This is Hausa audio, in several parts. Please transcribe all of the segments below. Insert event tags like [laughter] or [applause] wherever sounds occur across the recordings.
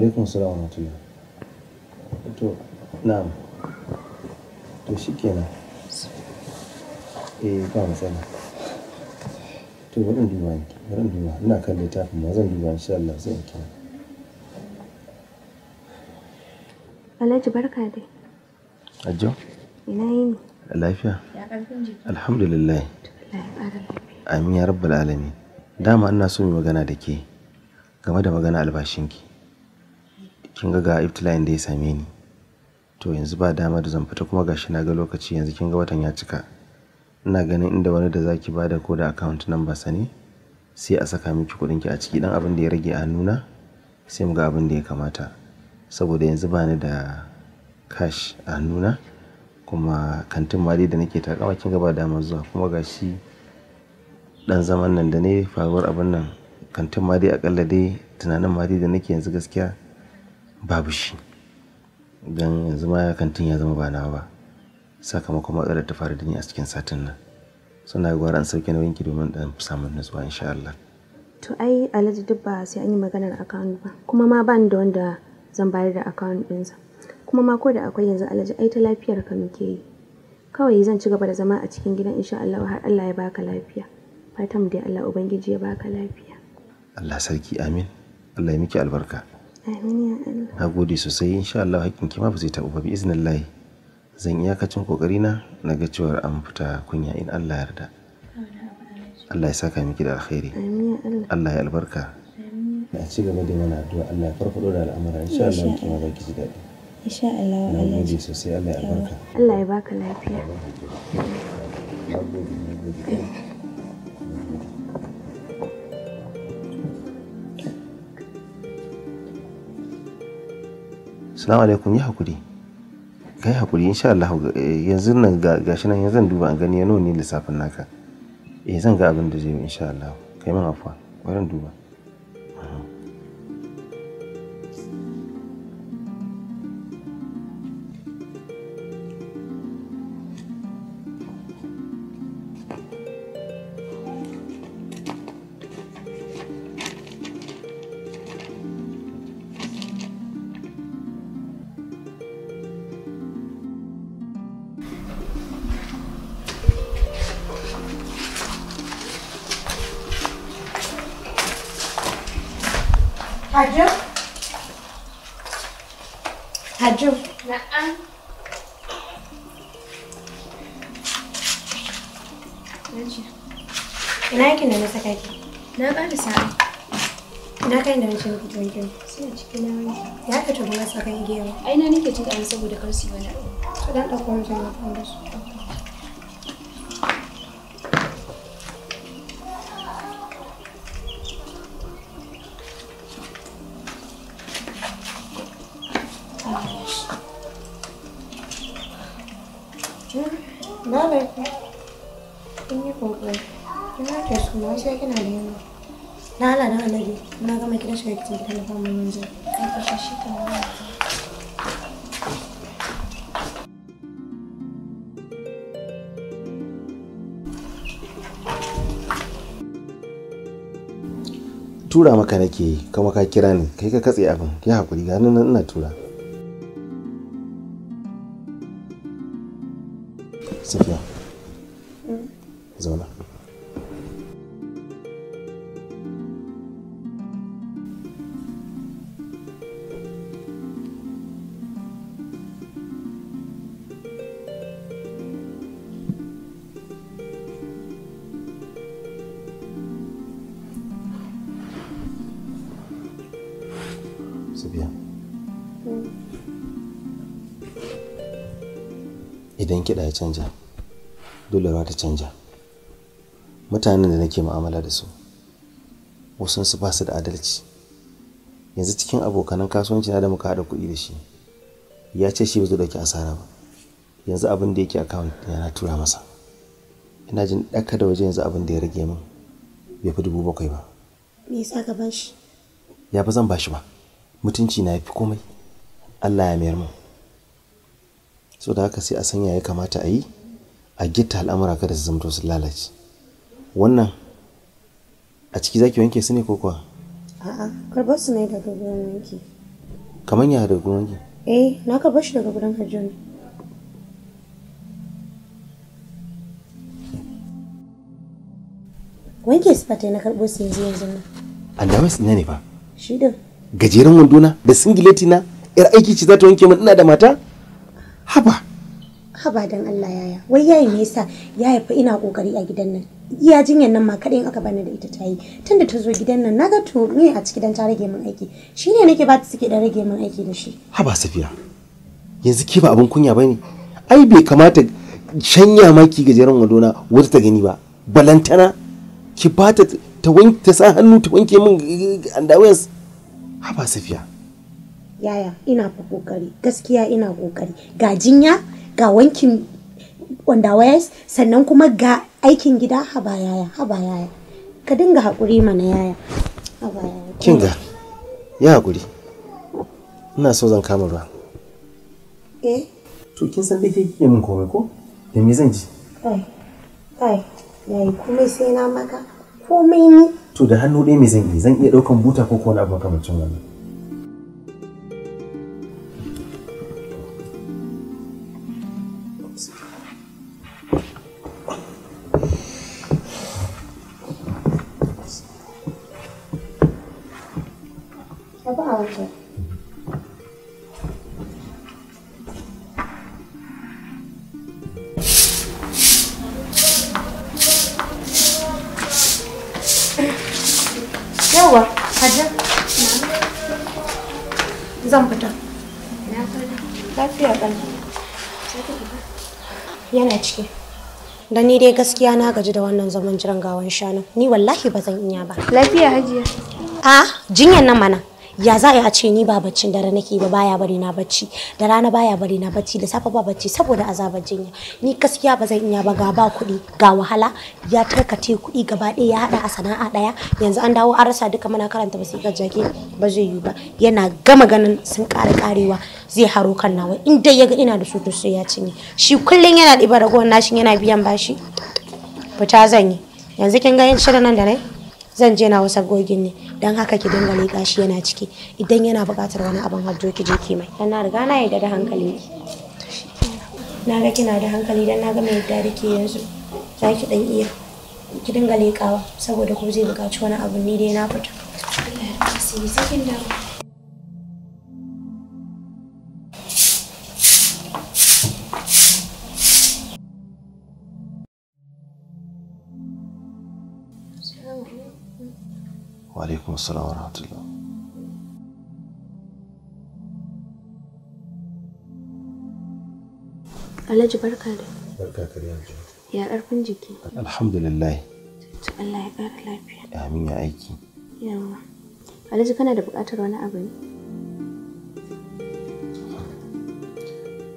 alaikun salam wa to na'am to shi kenan eh ba matsala to bari duba ne bari duba ina kan littafin ma zan duba insha Allah zai in kira Alhaji barka dai Ajo. ina yi yini lafiya ya karfin jiki alhamdulillah amin ya rabbal alamin dama ina so mai magana da ke game da magana albashinki kin ga ga iftila'in da ya same ni to yanzu ba dama da zan fita kuma gashi na ga lokaci yanzu kin ga watan ya cika ina ganin inda wani da zaki bada ko da account number sa ne sai a saka miki kuɗin ki a ciki dan abin da ya rage a nuna sai mu ga abin da ya kamata saboda yanzu ba ni da cash a nuna kuma kantin ma da nake takama kin ga ba dama zuwa kuma gashi dan zaman nan da ne faruwar abin nan kantin ma dai akalla dai tunanin ma dai da nake yanzu gaskiya babu shi don yanzu ma ya kantin ya zama ba nawa ba sakamakon matsalar ta fara da ni a cikin satin nan suna gwara an sauke nauyin ki domin dan samun nutsuwa insha Allah to ai alhaji duk ba sai an yi maganar account ba kuma ma ban da wanda zan bayar da account ɗinsa kuma ma ko da akwai yanzu alhaji ai ta lafiyar ka muke yi kawai zan ci gaba da zama a cikin gidan insha Allah har Allah ya baka lafiya fatan dai Allah ubangiji ya baka lafiya Allah sarki amin Allah ya miki albarka Na gode sosai insha Allah hakkin ki ma ba zai taɓu ba bi Zan iyakacin kokari na na ga cewa an fita kunya in Allah ya yarda. Allah ya saka miki da alkhairi. Allah ya albarka. Na ci gaba da mana addu'a Allah ya farfado da al'amura insha Allah ki ma za ji daɗi. Insha Allah Allah ya gode sosai Allah ya albarka. Allah ya baka lafiya. Na gode na gode. salamu alaikum ya hakuri kai hakuri insha Allah eh, yanzu nan shi nan yanzu duba an gani ya nuni lissafin naka eh zan ga abin da zai yi insha Allah kai min afwa bari duba Hajjo? Hajjo? Na'am. Ina yakin na saka ki? Na sa'a. kai da rashin fitan kyau. Suna cikin na Ya fita ba na sakan gewa. Ai na nake jin ƙarin saboda kar su yi wani abu. Su ɗan ɗauko kan su. tura maka nake yi kuma ka kira ni kai ka katse abin ki hakuri ga nan ina tura safiya kiɗa ya canja dole rawa ta canja mutanen da nake mu'amala da su wasu su ba su da adalci yanzu cikin abokanan kasuwanci na da muka haɗa kuɗi da shi ya ce shi ba zai dauki asara ba yanzu abin da yake account ya yana tura masa ina jin ɗaka da waje yanzu abin da ya rage min bai fi dubu bakwai ba me yasa ka bashi ya ba zan bashi ba mutunci na ya fi komai Allah ya mayar min so da haka sai a sanya ya kamata a yi a gita al'amura kada su zamto su lalace wannan a ciki zaki wanke su ne ko kuwa a'a karbar su ne daga gurin wanki kamar ya daga gurin wanki eh na karbar shi daga gurin hajjani wanke su fata na karbo su yanzu yanzu na an dama su ne ba shi da gajeren wanduna da singileti na yar aiki ce za ta wanke min ina da mata haba haba dan Allah yaya wai yayi me yasa yaya fa ina kokari a gidan nan iya jinyan nan ma kadai aka bani da ita tayi tunda ta zo gidan nan naga to me a ciki dan ta rage min aiki shine nake ba ta suke da rage min aiki da shi haba safiya yanzu ke ba abin kunya bane ai bai kamata shanya maki gajeren wadona wata ta gani ba balantana ki ba ta ta sa hannu ta wanke min andawes eh, eh, eh, haba safiya yaya ina fa kokari gaskiya ina kokari ga jinya ga wankin wanda wayas sannan kuma ga aikin gida haba yaya haba yaya ka dinga haƙuri mana yaya haba yaya kinga ya haƙuri ina so zan kama ruwa eh to kin san dai kike min komai ko da me zan ji kai kai yayi komai sai na maka komai ni to da hannu ɗaya me zan yi zan iya ɗaukan buta ko ko na abu makamancin wannan Tafi a waje. Yawwa, Hajja. Zan fita. Lafiya ƙalbi. Yana ciki. Da ni dai gaskiya na gaji da wannan zaman jiran gawan shanu. Ni wallahi ba zan iya ba. Lafiya hajiya. A, ah, jinyar nan mana. ya za a ce ni ba baccin dare nake ba baya bari na bacci da rana baya bari na bacci da safe ba bacci saboda azabar jinya ni gaskiya ba zan iya ba ga ba kuɗi ga wahala ya tarkace kuɗi gaba ɗaya ya haɗa a sana'a ɗaya yanzu an dawo an rasa duka muna karanta ga jake ba zai yiwu ba yana gama ganin sun kare-karewa zai haro kan nawa in dai ya ga ina da su to sai ya cinye shi kullum yana ɗiba ragowar nashin yana biyan bashi fita zan yi yanzu kin ga yin shirin nan da nai zan je na wasa gogin ne don haka ki dinga leƙa shi yana ciki idan yana buƙatar wani abin hajjo ki je ki mai dan na riga na yarda da hankali na ga kina da hankali dan na ga mai yadda da ke yanzu za ki dan iya ki dinga leƙawa saboda ko zai buƙaci wani abu ni dai na fita sai sai kin dawo wa alaikum assalam wa rahmatullah Alhaji barka da barka ka yanzu ya ƙarfin jiki alhamdulillah to Allah ya kara lafiya amin ya aiki yawa Alhaji kana da buƙatar wani abu ne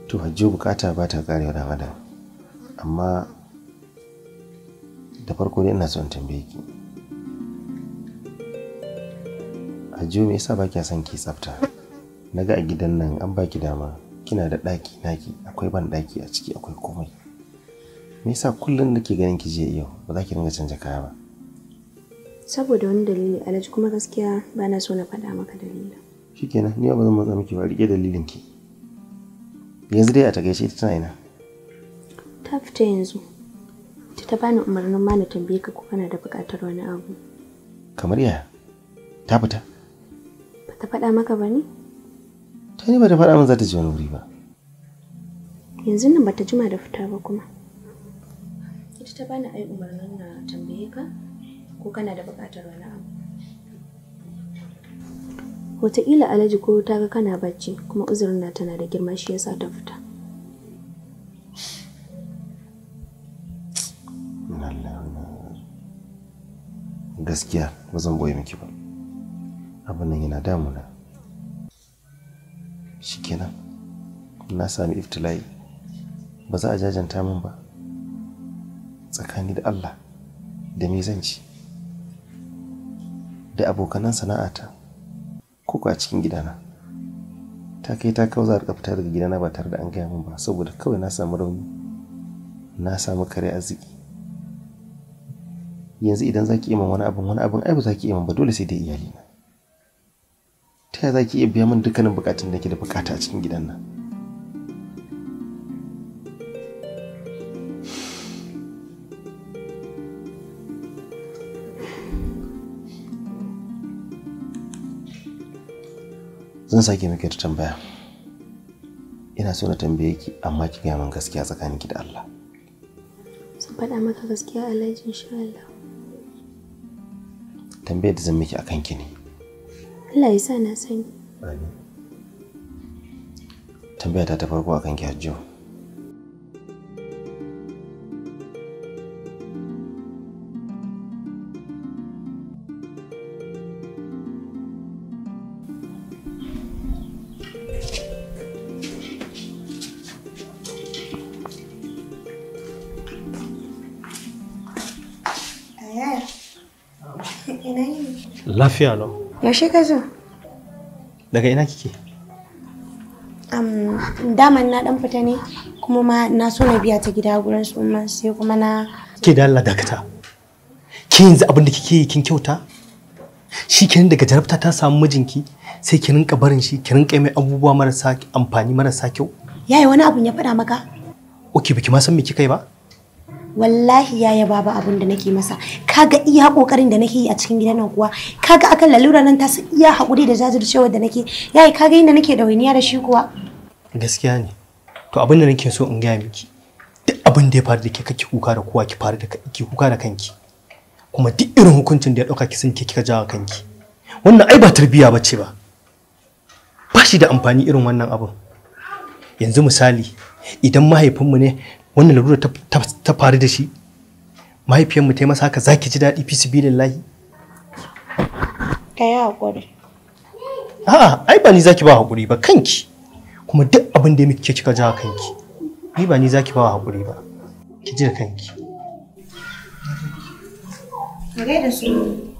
to hajjo buƙata ba ta ƙare da madam amma da farko dai ina son tambaye ki Hajiyu me yasa baki son ki tsafta? Naga a gidan nan an baki dama kina da ɗaki naki akwai ban ɗaki a ciki akwai komai. Me yasa kullum nake ganin ki je yau ba za ki dinga canja kaya ba? Saboda wani dalili alaji kuma gaskiya ba na so na faɗa maka dalilin. Shikenan ni ba zan matsa miki ba rike dalilin ki. Yanzu dai a takaice ita tana ina. Ta fita yanzu. Ta ta bani umarnin ma na tambaye ka ko kana da buƙatar wani abu. Kamar yaya? Ta fita? ta faɗa maka ba ne? Ta ne ba ta faɗa min za ta je wani wuri ba. Yanzu nan ba ta jima da fita ba kuma. Ita ta bani ai umarnin na tambaye ka ko kana da buƙatar wani abu. Wataƙila Alhaji ko ta ga kana bacci kuma uzurin na tana da girma shi yasa ta fita. Gaskiya ba zan boye miki ba. abin nan yana damuna shikenan na sami iftila'i ba za a jajanta min ba tsakani da Allah da me zan ci da abokanan sana'ata ko a cikin gidana ta kai ta kawo za a fita daga gidana ba tare da an gaya min ba saboda kawai na samu rauni na samu kare arziki yanzu idan za ki iman wani abin wani abin ai ba za ki iman ba dole sai dai iyalina ta za ki iya biya min dukkanin bukatun da ke da bukata a cikin gidan nan zan sake miki ta tambaya ina so na tambaye ki amma ki gaya min gaskiya tsakanin ki da Allah zan faɗa maka gaskiya alhaji insha Allah tambayar da zan miki akan ki ne Allah ya sa na sani. Tambaya ta ta farko akan ki Hajjo. Lafiya lau. Yaushe ka zo? Daga ina kike? Um, daman na dan fita ne kuma ma na so na biya ta gida gurin su umma sai kuma na Ke da Allah dakata. Ki yanzu abin da kike yi kin kyauta? Shi kenan daga jarabta ta samu mijinki sai ki rinka barin shi ki rinka mai abubuwa marasa amfani marasa kyau. Yayi wani abun ya faɗa maka? Oke biki ma san me kika yi ba? wallahi ya yaba ba abin da nake masa kaga iya kokarin da nake yi a cikin gidan nan kuwa kaga akan lalura nan ta iya hakuri da jajircewar da nake yayi kaga inda nake da wainiya da shi kuwa gaskiya ne to abin da nake so in gaya miki duk abin da ya faru da ke kake kuka da kowa ki faru da ki kuka da kanki kuma duk irin hukuncin da ya dauka ki sun ke kika jawa kanki wannan ai ba tarbiya bace ba ba shi da amfani irin wannan abin yanzu misali idan mahaifinmu ne wannan larura ta faru da shi mahaifiyarmu ta yi masa haka za ji daɗi fi sibilillahi ka yi haƙuri a'a ai ba ni za ba haƙuri ba kanki kuma duk abin da ya muke kika ja kanki ni ba ni za ki ba haƙuri ba ki ji da kanki ka da su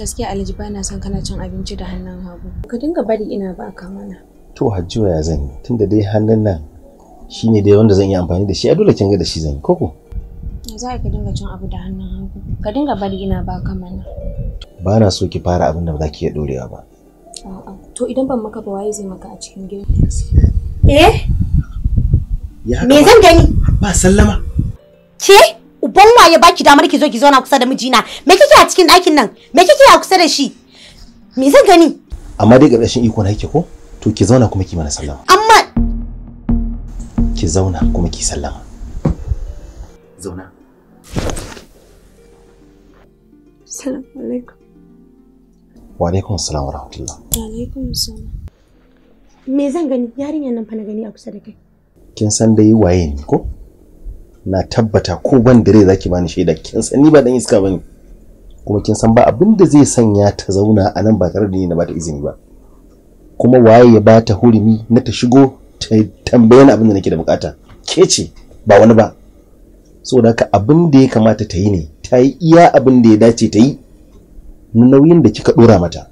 Gaskiya Alhaji ba na son kana cin abinci da hannun hagu. Ka dinga bari ina baka mana. To hajjiwa ya zan yi tunda dai hannun nan shine dai wanda zan yi amfani da shi a dole kin ga da shi zan yi koko. Za ka dinga cin abu da hannun hagu. Ka dinga bari ina baka mana. Ba na so ki fara abin da ba za ki iya dorewa ba. A'a to idan ban maka ba waye zai maka a cikin gidan. Eh? Me zan gani? Ba sallama. Ke? uban waye baki damar ki zo ki zauna kusa da mijina me kike a cikin ɗakin nan me kike a kusa da shi me zan gani amma dai ƙarƙashin iko na yake ko to ki zauna kuma ki mana sallama amma ki zauna kuma ki sallama zauna assalamu alaikum wa alaikum assalam wa rahmatullah wa alaikum assalam me zan gani yarinyar nan fa na gani a kusa da kai kin san dai waye ne ko na tabbata ko ban dare zaki bani shaida kin san ni ba dan iska bane kuma kin san ba abin da zai sanya ta zauna a nan ba tare da ni na bata izini ba kuma waye ya bata hurumi na ta shigo ta tambaye ni abin da nake da bukata ke ce ba wani ba saboda haka abin da ya kamata ta yi ne ta yi iya abin da ya dace ta yi na nauyin da kika dora mata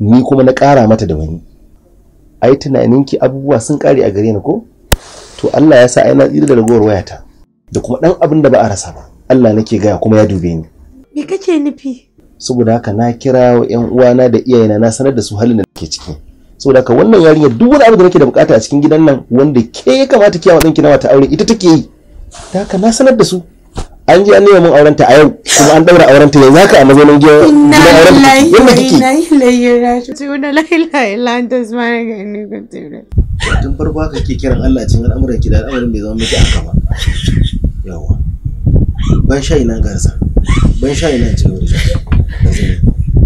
ni kuma na kara mata da wani ai tunaninki abubuwa sun kare a gare ni ko to Allah ya sa ai na tsira da ragowar wayata da kuma ɗan abin da ba a rasa ba Allah nake gaya kuma ya dube ni me kake nufi saboda haka na kira wa ƴan uwana da iyayena na sanar da su halin da nake ciki saboda haka wannan yarinya duk wani abu da nake da bukata a cikin gidan nan wanda ke ya kamata kiyawa a na kina mata aure ita take yi da haka na sanar da su an je an nema mun aurenta a yau kuma an daura aurenta yanzu haka a mazaunin gidan aurenta yadda kike na ilayi tuna la ilaha illa anta ni ko kuntu tun farko haka ke kiran Allah cikin al'amuran ki da al'amarin bai zama miki aka ba yawa ban shayi nan garza ban shayi nan cikin wurin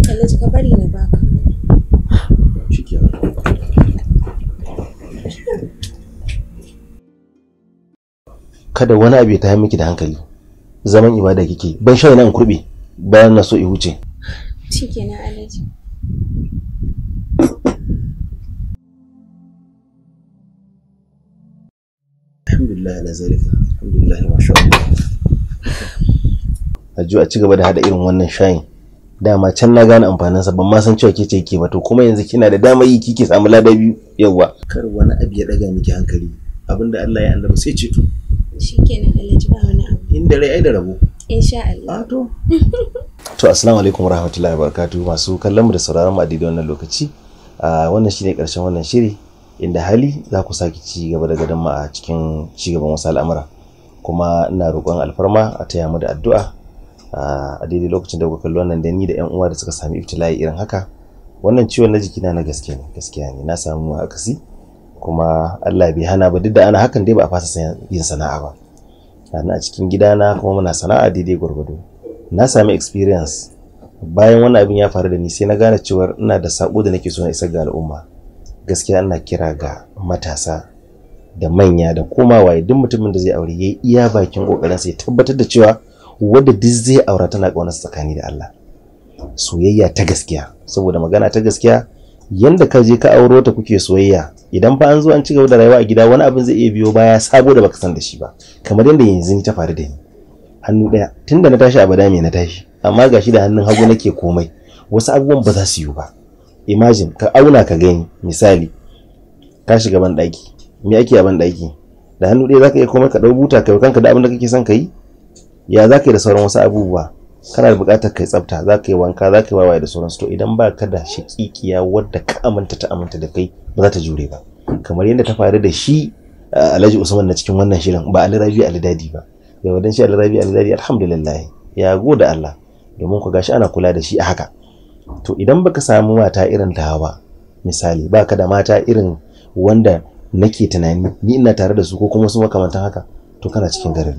alhaji ka bari na baka kada wani abu ya tayi miki da hankali zaman ibada kike ban shayi nan kurbe bayan na so i wuce shikenan alhaji alhamdulillah ala zalika alhamdulillah masha Allah a ci gaba da hada irin wannan shayin dama can na gane amfanin sa ban ma san cewa kece yake ba to kuma yanzu kina da dama yi kike samu lada biyu yawa kar wani abu ya daga miki hankali abinda Allah ya annaba sai ce to. shikenan Alhaji ba wani abu inda rai ai da rabo insha Allah ah, to to assalamu alaikum warahmatullahi wabarakatuh masu kallon mu da sauraron mu a wannan lokaci ah, wannan shine karshen wannan shiri inda hali za ku sake ci gaba da gadon ma a cikin ci gaban wasu al'amura kuma ina roƙon alfarma a taya mu da addu'a a daidai lokacin da kuka kalli wannan da ni da yan uwa da suka sami iftila'i irin haka wannan ciwon na jiki na na gaske ne gaskiya ne na samu akasi kuma Allah bai hana ba duk da ana hakan dai ba a fasa yin sana'a ba na a cikin gidana kuma muna sana'a daidai gwargwado na sami experience bayan wannan abin ya faru da ni sai na gane cewa ina da sako da nake so na isar ga al'umma gaskiya ana kira ga matasa da manya da komawa waye duk mutumin da zai aure yayi iya bakin kokarin sa ya tabbatar da cewa wanda duk zai aura tana kauna tsakani da Allah soyayya ta gaskiya saboda magana ta gaskiya yanda ka je ka auro ta kuke soyayya idan fa an zo an ci gaba da rayuwa a gida wani abin zai iya biyo baya sabo da baka san da shi ba kamar yanda yanzu ta faru da ni hannu daya tunda na tashi abada me na tashi amma gashi da hannun hagu nake komai wasu abubuwan ba za su yi ba imagine ka auna ka gani misali ka shiga ban daki me ake a ban daki da hannu ɗaya zaka iya komai ka dau buta kai kanka da abin da kake son ka yi ya zaka yi da sauran wasu abubuwa kana da buƙatar kai tsafta za yi wanka zaka ka yi wawaye da sauran to idan ba ka da shakikiya wadda ka aminta ta aminta da kai ba za ta jure ba kamar yadda ta faru da shi alhaji usman na cikin wannan shirin ba ali rabi ali ba bai wadan shi ali rabi ali dadi alhamdulillah ya gode allah domin ku gashi ana kula da shi a haka to idan baka samu mata irin ta hawa misali baka da mata irin wanda nake tunani ni ina tare da su ko kuma su makamantan haka to kana cikin garin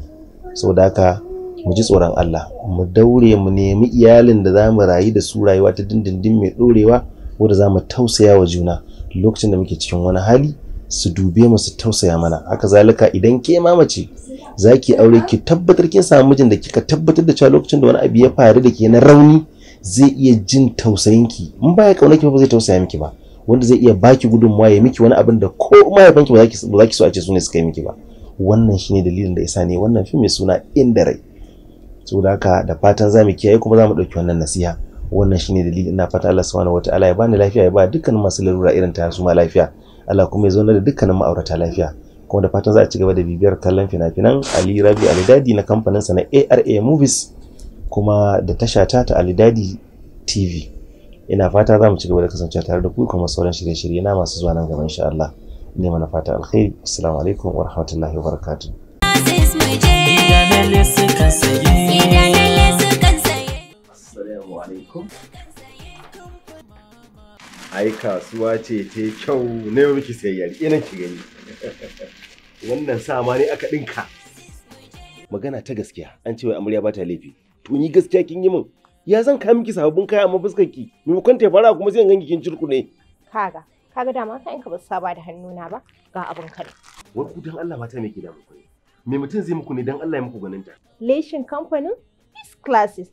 saboda haka mu ji tsoron Allah mu daure mu nemi iyalin da zamu rayu da su rayuwa ta dindindin mai dorewa wanda zamu tausaya wa juna lokacin da muke cikin wani hali su dube mu su tausaya mana haka zalika idan ke mamace zaki aure ki tabbatar kin samu mijin da kika tabbatar da cewa lokacin da wani abu ya faru da ke na rauni zai iya jin tausayinki in baya kaunaki ba zai tausaya miki ba wanda zai iya baki gudunmawa ya miki wani abin da ko mahaifanki ba za ki so a ce su suka yi miki ba wannan shine dalilin da isa ne wannan fim mai suna inda rai da haka da fatan zamu kiyaye kuma za mu dauki wannan nasiha wannan shine dalilin ina fata Allah subhanahu wataala ya bani lafiya ya ba dukkanin masu larura irin ta su ma lafiya Allah kuma ya zauna da dukkanin ma'aurata lafiya kuma da fatan za a ci gaba da bibiyar kallon fina-finan Ali Rabi Ali Dadi na kamfanin sa na ARA Movies kuma da tasha ta ta alidadi tv ina fata za mu ci gaba da kasancewa tare da ku kuma sauran shirye-shirye na masu zuwa nan gaba insha Allah ne mana fata alkhairi assalamu alaikum wa rahmatullahi wa barakatuh ai kasuwa ce ta kyau na yau miki sayayyar ina ki gani [laughs] wannan sa ma ne aka dinka magana ta gaskiya an ce wai amarya ba ta laifi to ni gaskiya kin yi min ya zan kai miki sababbin kaya amma fuskar ki maimakon ta fara kuma sai in kin kin ne. kaga kaga dama ka in ka ba saba da hannuna ba ga abin kare wa ku dan Allah mata me ke da muku ne me mutum zai muku ne dan Allah ya muku ganin ta leshin kamfanin class classes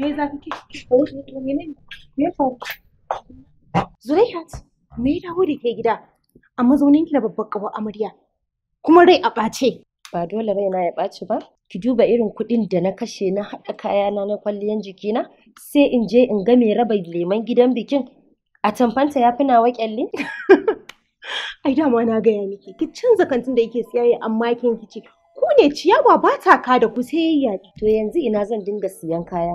me za ka ke me da ke gida a mazaunin ki da babbar kawa amarya kuma rai a bace ba dole raina ya ɓaci ba ki duba irin kuɗin da na kashe na haɗa kayana na kwalliyan jikina sai in je in ga mai raba leman gidan bikin a tamfanta ya fi nawa kyalli [laughs] ai dama na gaya miki ki canza kantin da yake siyayya amma kin kici ku ne ciyawa ba ta ka da ku sai yayi to yanzu ina zan dinga siyan kaya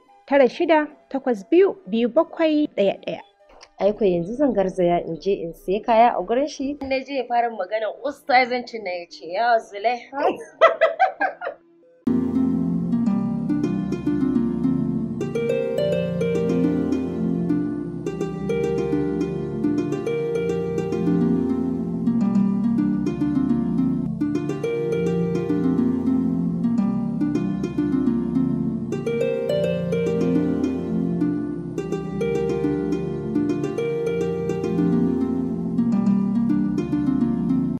tara shida takwas biyu biyu bakwai ɗaya ɗaya. Aiko yanzu zan garzaya in je in sai kaya a gurin shi. Na je ya fara magana ustazancin na ya ce ya zule. [laughs]